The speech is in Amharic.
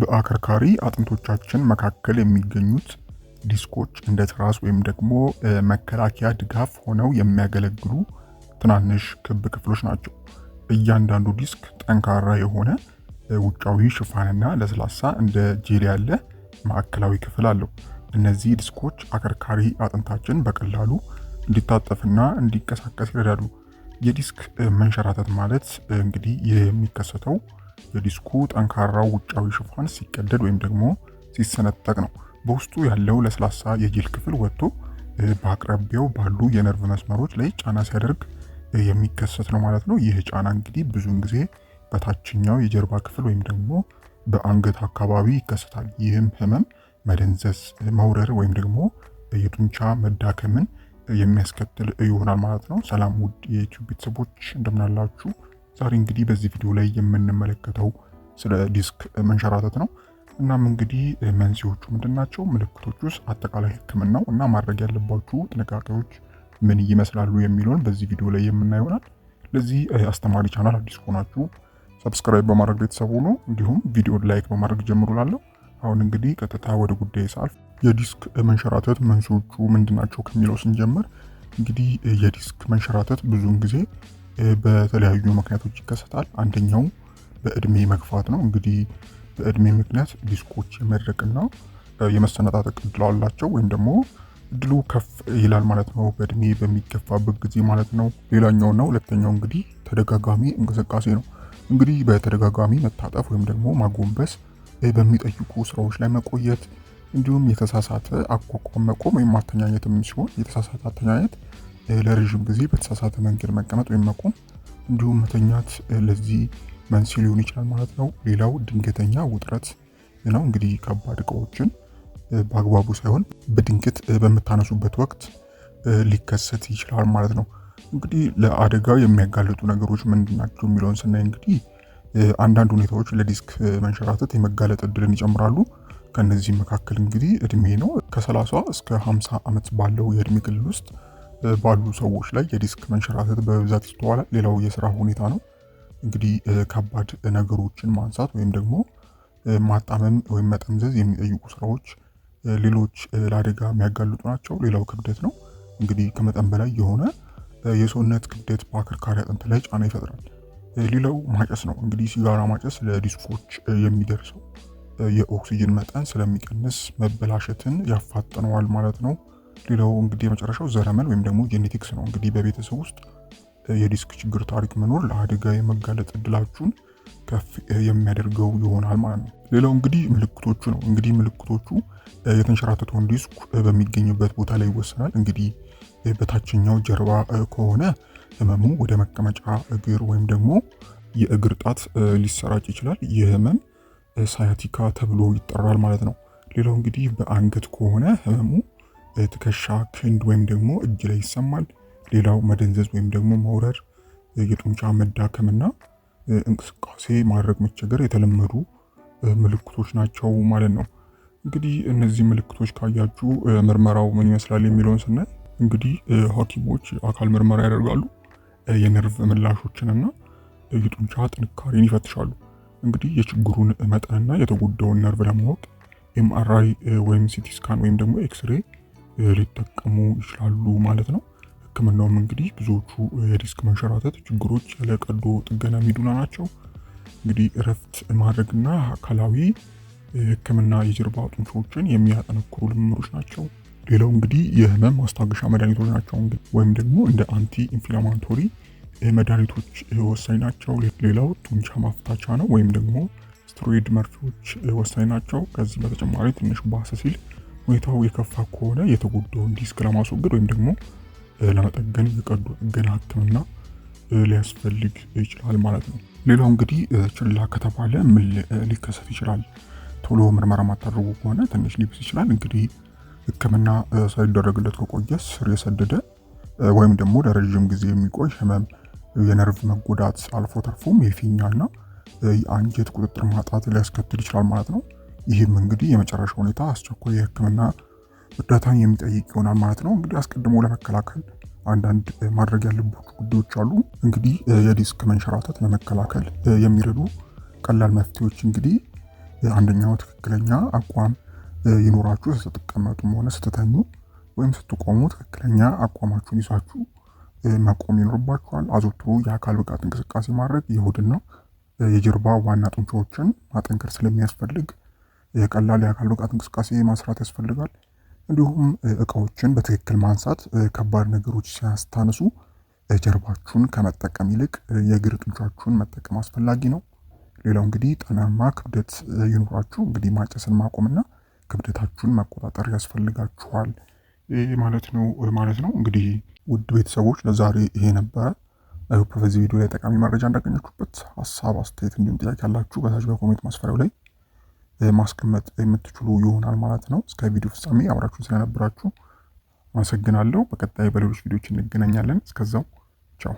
በአከርካሪ አጥንቶቻችን መካከል የሚገኙት ዲስኮች እንደ ትራስ ወይም ደግሞ መከላከያ ድጋፍ ሆነው የሚያገለግሉ ትናንሽ ክብ ክፍሎች ናቸው። እያንዳንዱ ዲስክ ጠንካራ የሆነ ውጫዊ ሽፋንና ለስላሳ እንደ ጄል ያለ ማዕከላዊ ክፍል አለው። እነዚህ ዲስኮች አከርካሪ አጥንታችን በቀላሉ እንዲታጠፍና እንዲንቀሳቀስ ይረዳሉ። የዲስክ መንሸራተት ማለት እንግዲህ የሚከሰተው የዲስኩ ጠንካራው ውጫዊ ሽፋን ሲቀደድ ወይም ደግሞ ሲሰነጠቅ ነው። በውስጡ ያለው ለስላሳ የጄል ክፍል ወጥቶ በአቅራቢያው ባሉ የነርቭ መስመሮች ላይ ጫና ሲያደርግ የሚከሰት ነው ማለት ነው። ይህ ጫና እንግዲህ ብዙውን ጊዜ በታችኛው የጀርባ ክፍል ወይም ደግሞ በአንገት አካባቢ ይከሰታል። ይህም ህመም፣ መደንዘዝ፣ መውረር ወይም ደግሞ የጡንቻ መዳከምን የሚያስከትል ይሆናል ማለት ነው። ሰላም ውድ የዩቲዩብ ቤተሰቦች እንደምናላችሁ ዛሬ እንግዲህ በዚህ ቪዲዮ ላይ የምንመለከተው ስለ ዲስክ መንሸራተት ነው። እናም እንግዲህ መንስኤዎቹ ምንድን ናቸው? ምልክቶች ውስጥ አጠቃላይ ሕክምናው እና ማድረግ ያለባችሁ ጥንቃቄዎች ምን ይመስላሉ የሚለውን በዚህ ቪዲዮ ላይ የምናየው ይሆናል። ለዚህ አስተማሪ ቻናል አዲስ ከሆናችሁ ሰብስክራይብ በማድረግ ቤተሰብ ሆኖ እንዲሁም ቪዲዮን ላይክ በማድረግ ጀምሩ። ላለው አሁን እንግዲህ ቀጥታ ወደ ጉዳይ ሳልፍ የዲስክ መንሸራተት መንስኤዎቹ ምንድናቸው ከሚለው ስንጀምር እንግዲህ የዲስክ መንሸራተት ብዙውን ጊዜ በተለያዩ ምክንያቶች ይከሰታል። አንደኛው በእድሜ መግፋት ነው። እንግዲህ በእድሜ ምክንያት ዲስኮች የመድረቅና የመሰነጣጠቅ እድል አላቸው ወይም ደግሞ እድሉ ከፍ ይላል ማለት ነው፣ በእድሜ በሚገፋበት ጊዜ ማለት ነው። ሌላኛውና ሁለተኛው እንግዲህ ተደጋጋሚ እንቅስቃሴ ነው። እንግዲህ በተደጋጋሚ መታጠፍ ወይም ደግሞ ማጎንበስ፣ በሚጠይቁ ስራዎች ላይ መቆየት፣ እንዲሁም የተሳሳተ አቋቋም መቆም ወይም ማተኛኘትም ሲሆን የተሳሳተ አተኛኘት ለረዥም ጊዜ በተሳሳተ መንገድ መቀመጥ ወይም መቆም እንዲሁም መተኛት ለዚህ መንስኤ ሊሆን ይችላል ማለት ነው። ሌላው ድንገተኛ ውጥረት ነው። እንግዲህ ከባድ እቃዎችን በአግባቡ ሳይሆን በድንገት በምታነሱበት ወቅት ሊከሰት ይችላል ማለት ነው። እንግዲህ ለአደጋ የሚያጋልጡ ነገሮች ምንድናቸው የሚለውን ስናይ እንግዲህ አንዳንድ ሁኔታዎች ለዲስክ መንሸራተት የመጋለጥ እድልን ይጨምራሉ። ከነዚህ መካከል እንግዲህ እድሜ ነው። ከ30 እስከ 50 ዓመት ባለው የእድሜ ክልል ውስጥ ባሉ ሰዎች ላይ የዲስክ መንሸራተት በብዛት ይስተዋላል። ሌላው የስራ ሁኔታ ነው። እንግዲህ ከባድ ነገሮችን ማንሳት ወይም ደግሞ ማጣመም ወይም መጠምዘዝ የሚጠይቁ ስራዎች ሌሎች ለአደጋ የሚያጋልጡ ናቸው። ሌላው ክብደት ነው። እንግዲህ ከመጠን በላይ የሆነ የሰውነት ክብደት በአከርካሪ አጥንት ላይ ጫና ይፈጥራል። ሌላው ማጨስ ነው። እንግዲህ ሲጋራ ማጨስ ለዲስኮች የሚደርሰው የኦክሲጅን መጠን ስለሚቀንስ መበላሸትን ያፋጥነዋል ማለት ነው። ሌላው እንግዲህ የመጨረሻው ዘረመል ወይም ደግሞ ጄኔቲክስ ነው። እንግዲህ በቤተሰብ ውስጥ የዲስክ ችግር ታሪክ መኖር ለአደጋ የመጋለጥ እድላችሁን ከፍ የሚያደርገው ይሆናል ማለት ነው። ሌላው እንግዲህ ምልክቶቹ ነው። እንግዲህ ምልክቶቹ የተንሸራተተውን ዲስክ በሚገኝበት ቦታ ላይ ይወሰናል። እንግዲህ በታችኛው ጀርባ ከሆነ ህመሙ ወደ መቀመጫ እግር ወይም ደግሞ የእግር ጣት ሊሰራጭ ይችላል። ይህ ህመም ሳያቲካ ተብሎ ይጠራል ማለት ነው። ሌላው እንግዲህ በአንገት ከሆነ ህመሙ ትከሻ፣ ክንድ ወይም ደግሞ እጅ ላይ ይሰማል። ሌላው መደንዘዝ ወይም ደግሞ መውረር፣ የጡንቻ መዳከምና እንቅስቃሴ ማድረግ መቸገር የተለመዱ ምልክቶች ናቸው ማለት ነው። እንግዲህ እነዚህ ምልክቶች ካያችሁ ምርመራው ምን ይመስላል የሚለውን ስናይ እንግዲህ ሐኪሞች አካል ምርመራ ያደርጋሉ። የነርቭ ምላሾችንና የጡንቻ ጥንካሬን ይፈትሻሉ። እንግዲህ የችግሩን መጠንና የተጎዳውን ነርቭ ለማወቅ ኤምአርአይ ወይም ሲቲ ስካን ወይም ደግሞ ኤክስሬ ሊጠቀሙ ይችላሉ ማለት ነው። ህክምናውም እንግዲህ ብዙዎቹ የዲስክ መንሸራተት ችግሮች ያለ ቀዶ ጥገና የሚድኑ ናቸው። እንግዲህ እረፍት ማድረግና አካላዊ ህክምና የጀርባ ጡንቻዎችን የሚያጠነክሩ ልምምዶች ናቸው። ሌላው እንግዲህ የህመም ማስታገሻ መድኃኒቶች ናቸው ወይም ደግሞ እንደ አንቲ ኢንፍላማቶሪ መድኃኒቶች ወሳኝ ናቸው። ሌላው ጡንቻ ማፍታቻ ነው ወይም ደግሞ ስትሮይድ መርፌዎች ወሳኝ ናቸው። ከዚህ በተጨማሪ ትንሽ ባሰ ሲል ሁኔታው የከፋ ከሆነ የተጎዳውን ዲስክ ለማስወገድ ወይም ደግሞ ለመጠገን የቀዶ ጥገና ህክምና ሊያስፈልግ ይችላል ማለት ነው። ሌላው እንግዲህ ችላ ከተባለ ምን ሊከሰት ይችላል? ቶሎ ምርመራ ማታደርጉ ከሆነ ትንሽ ሊብስ ይችላል። እንግዲህ ህክምና ሳይደረግለት ከቆየ ስር የሰደደ ወይም ደግሞ ለረዥም ጊዜ የሚቆይ ህመም፣ የነርቭ መጎዳት አልፎ ተርፎም የፊኛና የአንጀት ቁጥጥር ማጣት ሊያስከትል ይችላል ማለት ነው። ይህም እንግዲህ የመጨረሻ ሁኔታ አስቸኳይ የህክምና እርዳታን የሚጠይቅ ይሆናል ማለት ነው። እንግዲህ አስቀድሞ ለመከላከል አንዳንድ ማድረግ ያለባችሁ ጉዳዮች አሉ። እንግዲህ የዲስክ መንሸራተት ለመከላከል የሚረዱ ቀላል መፍትሄዎች እንግዲህ አንደኛው ትክክለኛ አቋም ይኖራችሁ ስትቀመጡም ሆነ ስትተኙ ወይም ስትቆሙ ትክክለኛ አቋማችሁን ይዛችሁ መቆም ይኖርባችኋል። አዘውትሮ የአካል ብቃት እንቅስቃሴ ማድረግ የሆድና የጀርባ ዋና ጡንቻዎችን ማጠንከር ስለሚያስፈልግ የቀላል የአካል ብቃት እንቅስቃሴ ማስራት ያስፈልጋል። እንዲሁም እቃዎችን በትክክል ማንሳት፣ ከባድ ነገሮች ሲያስታንሱ ጀርባችሁን ከመጠቀም ይልቅ የእግር ጡንቻችሁን መጠቀም አስፈላጊ ነው። ሌላው እንግዲህ ጤናማ ክብደት ይኑራችሁ። እንግዲህ ማጨስን ማቆምና ክብደታችሁን መቆጣጠር ያስፈልጋችኋል ማለት ነው ማለት ነው። እንግዲህ ውድ ቤተሰቦች ለዛሬ ይሄ ነበረ። በዚህ ቪዲዮ ላይ ጠቃሚ መረጃ እንዳገኛችሁበት ሀሳብ፣ አስተያየት እንዲሁም ጥያቄ ያላችሁ በታች በኮሜንት ማስፈሪያው ላይ ማስቀመጥ የምትችሉ ይሆናል ማለት ነው። እስከ ቪዲዮ ፍጻሜ አብራችሁ ስለነበራችሁ አመሰግናለሁ። በቀጣይ በሌሎች ቪዲዮዎች እንገናኛለን። እስከዛው ቻው።